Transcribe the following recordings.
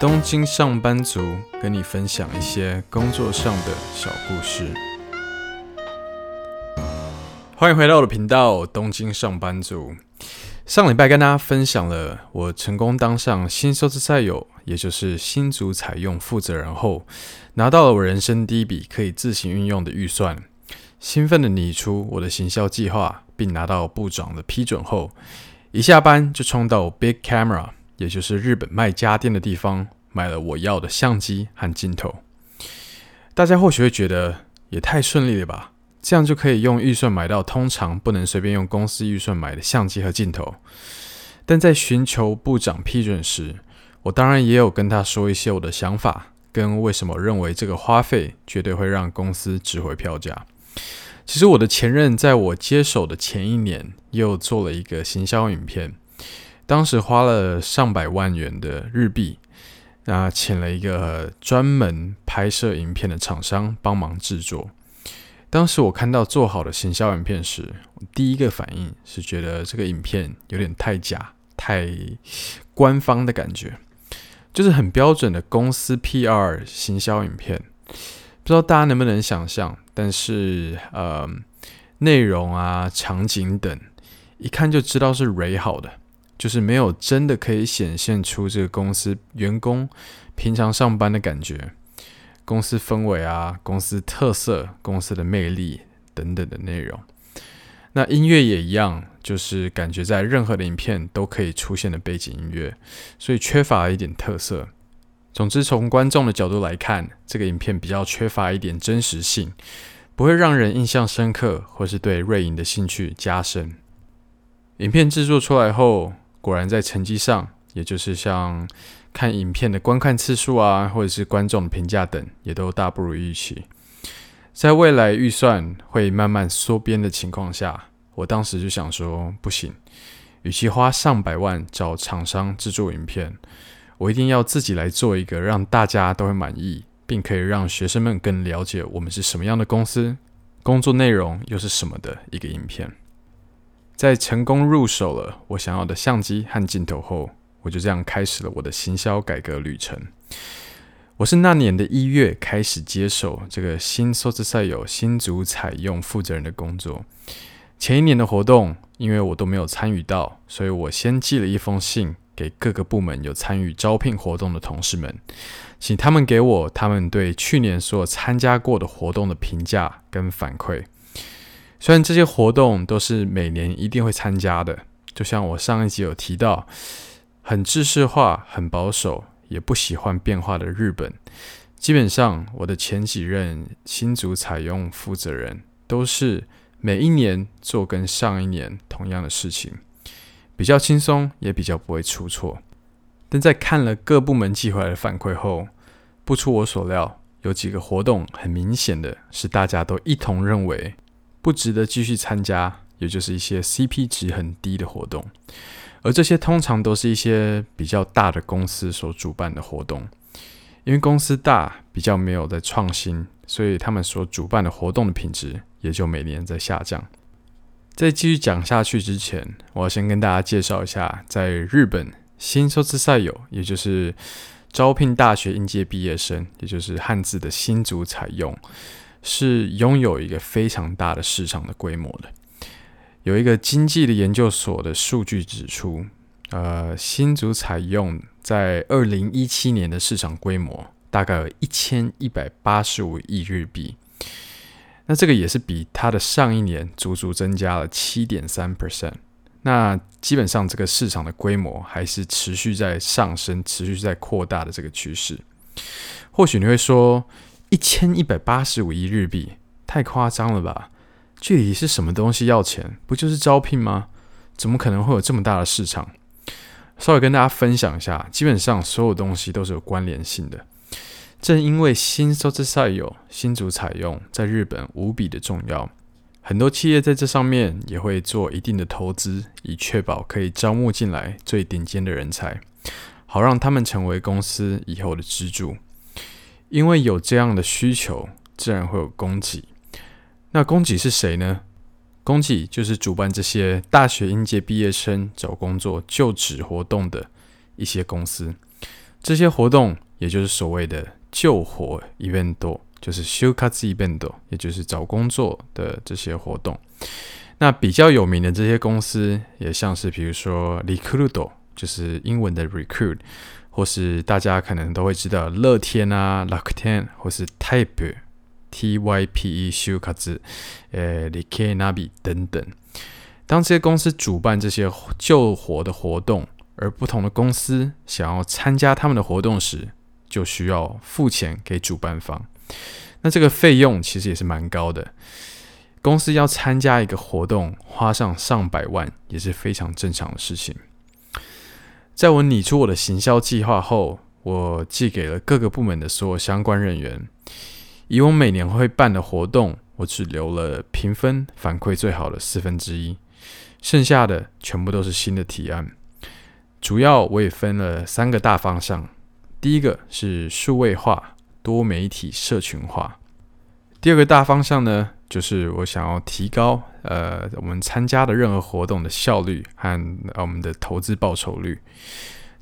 東京上班族跟你分享一些工作上的小故事。歡迎回到我的頻道《東京上班族》。上禮拜跟大家分享了我成功當上新收資賽友，也就是新卒採用負責人後，拿到了我人生第一筆可以自行運用的預算，興奮地擬出我的行銷計劃，並拿到部長的批准後，一下班就衝到 Big Camera。也就是日本賣家電的地方買了我要的相機和鏡頭。大家或許會覺得，也太順利了吧？這樣就可以用預算買到通常不能隨便用公司預算買的相機和鏡頭。但在尋求部長批准時，我當然也有跟他說一些我的想法，跟為什麼認為這個花費絕對會讓公司值回票價。其實我的前任在我接手的前一年又做了一個行銷影片。當時花了上百萬元的日幣，那請了一個專門拍攝影片的廠商幫忙製作。當時我看到做好的行銷影片時，我第一個反應是覺得這個影片有點太假、太官方的感覺，就是很標準的公司 PR 行銷影片。不知道大家能不能想象，但是呃，內容啊、場景等，一看就知道是瑞好的。就是沒有真的可以顯現出這個公司員工平常上班的感覺、公司氛圍啊、公司特色、公司的魅力等等的內容。那音樂也一樣，就是感覺在任何的影片都可以出現的背景音樂，所以缺乏一點特色。總之，從觀眾的角度來看，這個影片比較缺乏一點真實性，不會讓人印象深刻，或是對瑞影的興趣加深。影片制作出來後，果然，在成績上，也就是像看影片的觀看次數啊，或者是觀眾的評價等，也都大不如預期。在未來預算會慢慢縮編的情況下，我當時就想說，不行，與其花上百萬找廠商制作影片，我一定要自己來做一個讓大家都會滿意，並可以讓學生們更了解我們是什麼樣的公司，工作內容又是什麼的一個影片。在成功入手了我想要的相機和鏡頭後，我就這樣開始了我的行銷改革旅程。我是那年的一月開始接手這個新數字賽友新卒採用負責人的工作。前一年的活動，因為我都沒有參與到，所以我先寄了一封信給各個部門有參與招聘活動的同事們，請他們給我他們對去年所參加過的活動的評價跟反饋。雖然這些活動都是每年一定會參加的，就像我上一集有提到，很制式化，很保守，也不喜歡變化的日本，基本上我的前幾任新卒採用負責人都是每一年做跟上一年同樣的事情，比較輕鬆，也比較不會出錯。但在看了各部門寄回來的反饋後，不出我所料，有幾個活動很明顯的是大家都一同認為。不值得繼續參加，也就是一些 CP 值很低的活動，而這些通常都是一些比較大的公司所主辦的活動，因為公司大比較沒有在創新，所以他們所主辦的活動的品質也就每年在下降。在繼續講下去之前，我要先跟大家介紹一下，在日本新卒採用，也就是招聘大學應屆畢業生，也就是漢字的新卒採用。是擁有一個非常大的市場的規模的。有一個經濟的研究所的數據指出，呃，新卒採用在二零一七年的市場規模大概有一千一百八十五億日幣。那這個也是比它的上一年足足增加了七點三 percent。那基本上這個市場的規模還是持續在上升，持續在擴大的這個趨勢。或許你會說，一千一百八十五億日幣，太誇張了吧？具體是什麼東西要錢？不就是招聘嗎？怎麼可能會有這麼大的市場？稍微跟大家分享一下，基本上所有東西都是有關聯性的。正因為新卒採用，新卒採用在日本無比的重要，很多企業在這上面也會做一定的投資，以確保可以招募進來最頂尖的人才，好讓他們成為公司以後的支柱。因為有這樣的需求，自然會有供給。那供給是誰呢？供給就是主辦這些大學應屆畢業生找工作就職活動的一些公司。這些活動也就是所謂的“就，就活” event，就是修卡斯 event，也就是找工作的這些活動。那比較有名的這些公司，也像是比如說 “Recruit”，就是英文的 “recruit”。或是大家可能都會知道樂天啊、樂天或是 Type、T Y P E、休卡子、誒、Rikunabi 等等。當這些公司主辦這些就活的活動，而不同的公司想要參加他們的活動時，就需要付錢給主辦方。那這個費用其實也是蠻高的，公司要參加一個活動，花上上百萬也是非常正常的事情。在我擬出我的行銷計劃後，我寄給了各個部門的所有相關人員。以我每年會辦的活動，我只留了評分反饋最好的四分之一，剩下的全部都是新的提案。主要我也分了三個大方向，第一個是數位化、多媒體、社群化。第二個大方向呢，就是我想要提高呃我們參加的任何活動的效率和、呃、我們的投資報酬率。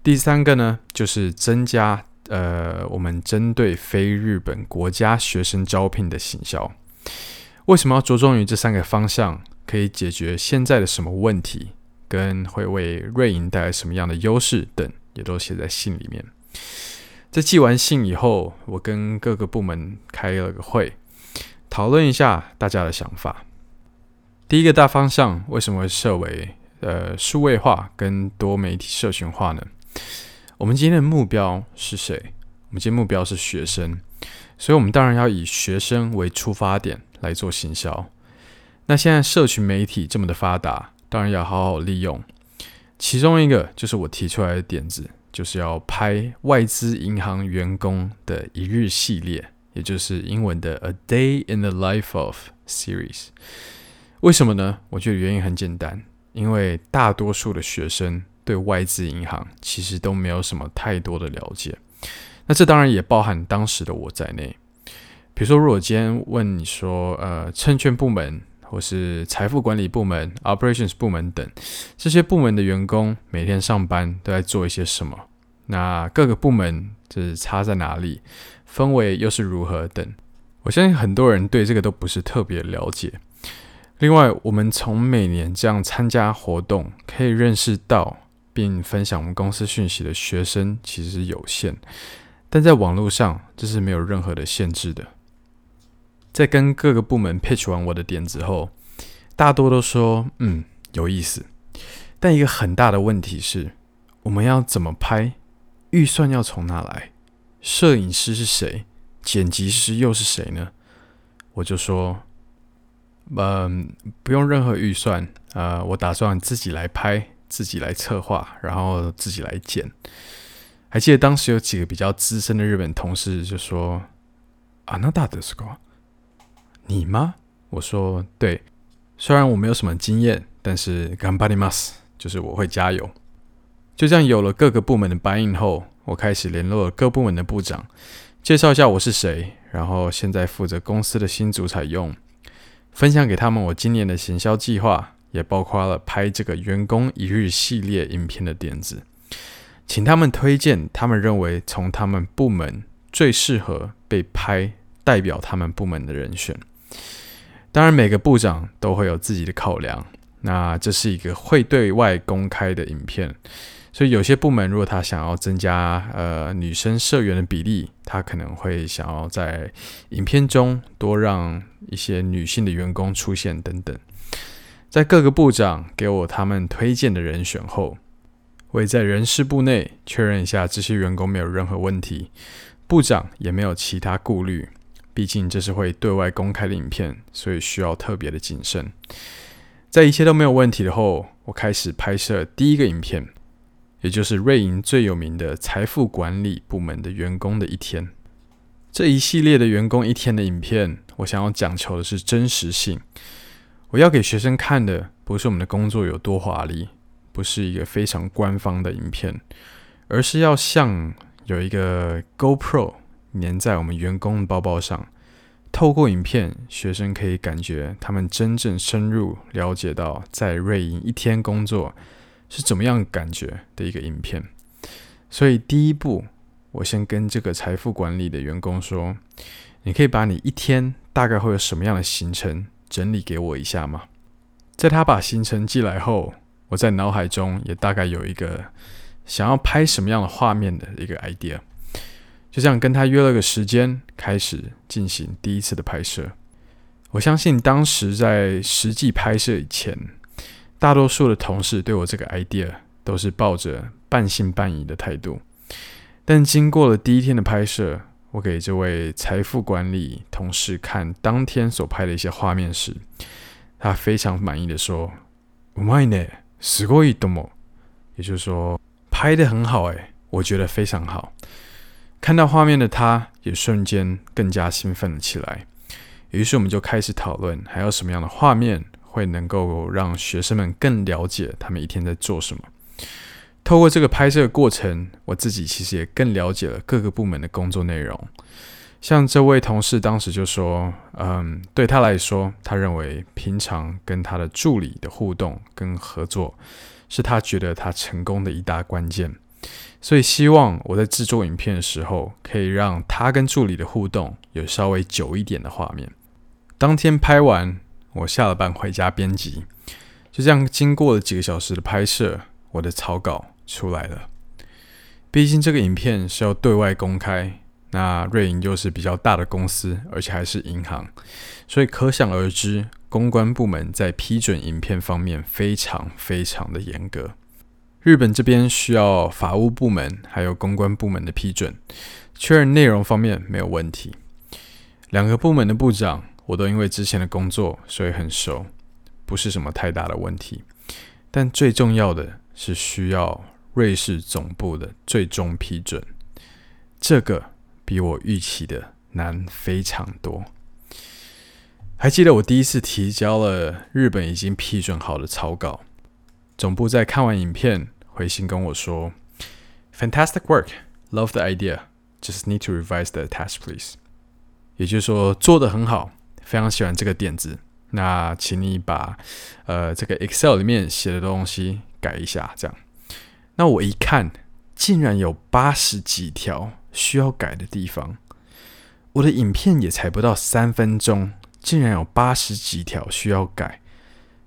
第三個呢，就是增加呃我們針對非日本國家學生招聘的行銷。為什麼要着重於這三個方向？可以解決現在的什麼問題？跟會為瑞銀帶來什麼樣的優勢等，也都寫在信裡面。在寄完信以後，我跟各個部門開了個會。討論一下大家的想法。第一個大方向為什麼會設為呃數位化跟多媒體社群化呢？我們今天的目標是誰？我們今天的目標是學生，所以我們當然要以學生為出發點來做行銷。那現在社群媒體這麼的發達，當然要好好利用。其中一個就是我提出來的點子，就是要拍外資銀行員工的一日系列。也就是英文的《A Day in the Life of series》，為什麼呢？我覺得原因很簡單，因為大多數的學生對外資銀行其實都沒有什麼太多的了解。那這當然也包含當時的我在內。比如說，如果今天問你說，呃，證券部門或是財富管理部門、operations 部門等這些部門的員工每天上班都在做一些什麼？那各個部門就是差在哪裡？氛圍又是如何等？我相信很多人對這個都不是特別了解。另外，我們從每年這樣參加活動，可以認識到並分享我們公司訊息的學生其實是有限，但在網絡上這是沒有任何的限制的。在跟各個部門 pitch 完我的點子之後，大多都說，嗯，有意思，但一個很大的問題是，我們要怎麼拍？預算要從哪來？攝影師是誰？剪輯師又是誰呢？我就說，嗯、呃，不用任何預算，呃，我打算自己來拍，自己來策劃，然後自己來剪。還記得當時有幾個比較資深的日本同事就說，あなたですか？你嗎？我說對，雖然我沒有什麼經驗，但是がんばります，就是我會加油。就這樣有了各個部門的 buy in 後。我開始聯絡了各部門的部長，介紹一下我是誰，然後現在負責公司的新卒採用，分享給他們我今年的行銷計劃，也包括了拍這個員工一日系列影片的點子，請他們推薦他們認為從他們部門最適合被拍、代表他們部門的人選。當然，每個部長都會有自己的考量，那這是一個會對外公開的影片。所以，有些部門如果他想要增加呃女生社員的比例，他可能會想要在影片中多讓一些女性的員工出現等等。在各個部長給我他們推薦的人選後，我也在人事部內確認一下這些員工沒有任何問題，部長也沒有其他顧慮。畢竟這是會對外公開的影片，所以需要特別的謹慎。在一切都沒有問題的後，我開始拍攝第一個影片。也就是瑞銀最有名的財富管理部門的員工的一天，這一系列的員工一天的影片，我想要講求的是真實性。我要給學生看的，不是我們的工作有多華麗，不是一個非常官方的影片，而是要像有一個 GoPro 粘在我們員工的包包上，透過影片，學生可以感覺他們真正深入了解到在瑞銀一天工作是怎麼樣感覺的一個影片，所以第一步，我先跟這個財富管理的員工說：“你可以把你一天大概會有什麼樣的行程整理給我一下嗎？”在他把行程寄來後，我在腦海中也大概有一個想要拍什麼樣的畫面的一個 idea，就這樣跟他約了個時間，開始進行第一次的拍攝。我相信當時在實際拍攝以前。大多數的同事對我這個 idea 都是抱着半信半疑的態度，但經過了第一天的拍攝，我給這位財富管理同事看當天所拍的一些畫面時，他非常滿意地說：“うまいね，すごいと思う。”也就是說，拍得很好誒、欸，我覺得非常好。看到畫面的他，也瞬間更加興奮了起來。於是我們就開始討論還有什麼樣的畫面。會能夠讓學生們更了解他們一天在做什麼。透過這個拍攝過程，我自己其實也更了解了各個部門的工作內容。像這位同事當時就說：“嗯，對他來說，他認為平常跟他的助理的互動跟合作，是他覺得他成功的一大關鍵。所以希望我在製作影片的時候，可以讓他跟助理的互動有稍微久一點的畫面。當天拍完。”我下了班回家編輯，就這樣經過了幾個小時的拍攝，我的草稿出來了。畢竟這個影片是要對外公開，那瑞銀又是比較大的公司，而且還是銀行，所以可想而知，公關部門在批准影片方面非常非常的嚴格。日本這邊需要法務部門還有公關部門的批准，確認內容方面沒有問題。兩個部門的部長，我都因為之前的工作，所以很熟，不是什麼太大的問題。但最重要的是需要瑞士總部的最終批准，這個比我預期的難非常多。還記得我第一次提交了日本已經批准好的草稿，總部在看完影片回信跟我說：“Fantastic work, love the idea, just need to revise the task, please。”也就是說，做得很好。非常喜歡這個點子。那請你把呃這個 Excel 裡面寫的東西改一下，這樣。那我一看，竟然有八十幾條需要改的地方。我的影片也才不到三分鐘，竟然有八十幾條需要改。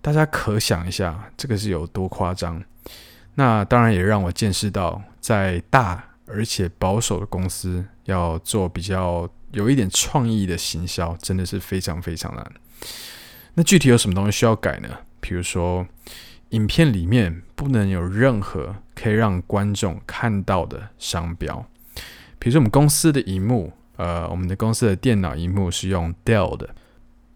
大家可想一下，這個是有多誇張？那當然也讓我見識到在大而且保守的公司要做比較有一點創意的行銷，真的是非常非常難。那具體有什麼東西需要改呢？比如說，影片裡面不能有任何可以讓觀眾看到的商標。比如說，我們公司的熒幕，呃，我們的公司的電腦熒幕是用 Dell 的。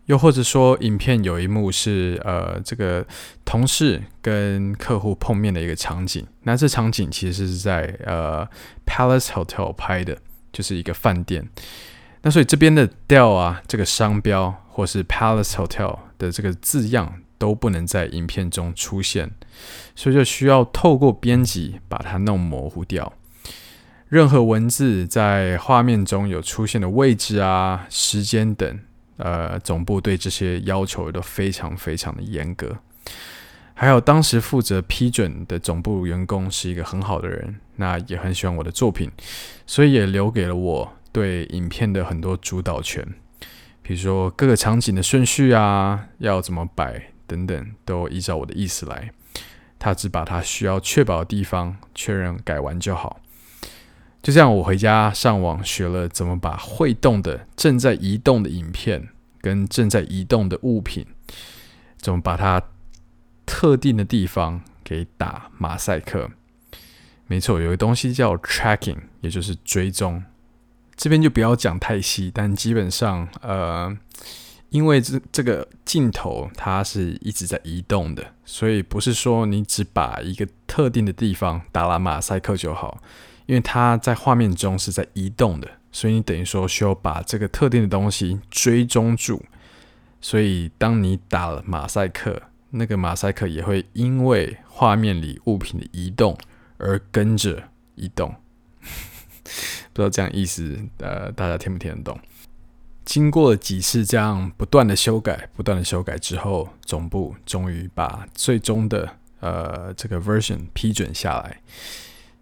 又或者說，影片有一幕是呃，這個同事跟客戶碰面的一個場景。那這場景其實是在呃 Palace Hotel 拍的，就是一個飯店。那所以這邊的 Deal 啊，這個商標或是 Palace Hotel 的這個字樣都不能在影片中出現，所以就需要透過編輯把它弄模糊掉。任何文字在畫面中有出現的位置啊、時間等。呃，總部對這些要求也都非常非常的嚴格。還有當時負責批准的總部員工是一個很好的人，那也很喜歡我的作品，所以也留給了我對影片的很多主導權，比如說各個場景的順序啊，要怎麼擺等等，都依照我的意思來。他只把他需要確保的地方確認改完就好。就這樣，我回家上網學了怎麼把會動的、正在移動的影片跟正在移動的物品，怎麼把它特定的地方給打馬賽克。沒錯，有個東西叫 tracking，也就是追蹤。這邊就不要講太細，但基本上，呃，因為這這個鏡頭它是一直在移動的，所以不是說你只把一個特定的地方打了馬賽克就好。因為它在畫面中是在移動的，所以你等於說需要把這個特定的東西追蹤住。所以當你打了馬賽克，那個馬賽克也會因為畫面裡物品的移動而跟着移動。 不知道這樣意思，呃，大家聽不聽得懂？經過了幾次這樣不斷的修改、不斷的修改之後，總部終於把最終的呃這個 version 批准下來。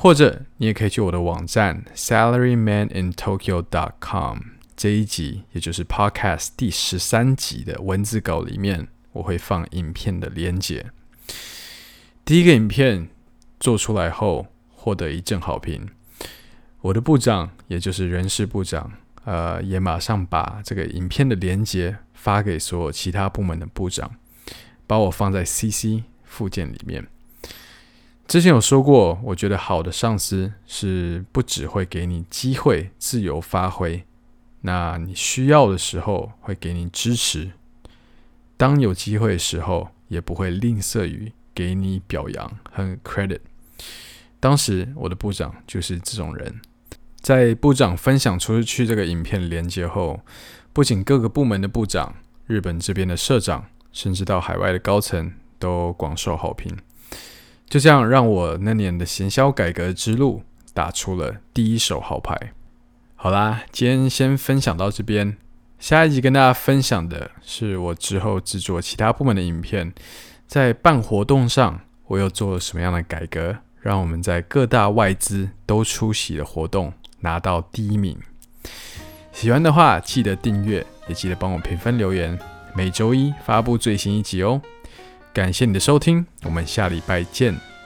或者你也可以去我的網站 salarymanintokyo.com 這一集，也就是 podcast 第十三集的文字稿裡面，我會放影片的連結。第一個影片做出來後，獲得一陣好評。我的部長，也就是人事部長，呃，也馬上把這個影片的連結發給所有其他部門的部長，把我放在 CC 附件裡面。之前有說過，我覺得好的上司是不只會給你機會自由發揮，那你需要的時候會給你支持，當有機會的時候也不會吝嗇於給你表揚和 credit。當時我的部長就是這種人，在部長分享出去這個影片鏈接後，不僅各個部門的部長、日本這邊的社長，甚至到海外的高層都廣受好評。就這樣，讓我那年的行銷改革之路打出了第一手好牌。好啦，今天先分享到這邊。下一集跟大家分享的是我之後製作其他部門的影片，在辦活動上我又做了什麼樣的改革，讓我們在各大外資都出席的活動拿到第一名。喜歡的話記得訂閱，也記得幫我評分留言。每周一發布最新一集哦。感謝你的收聽，我們下禮拜見。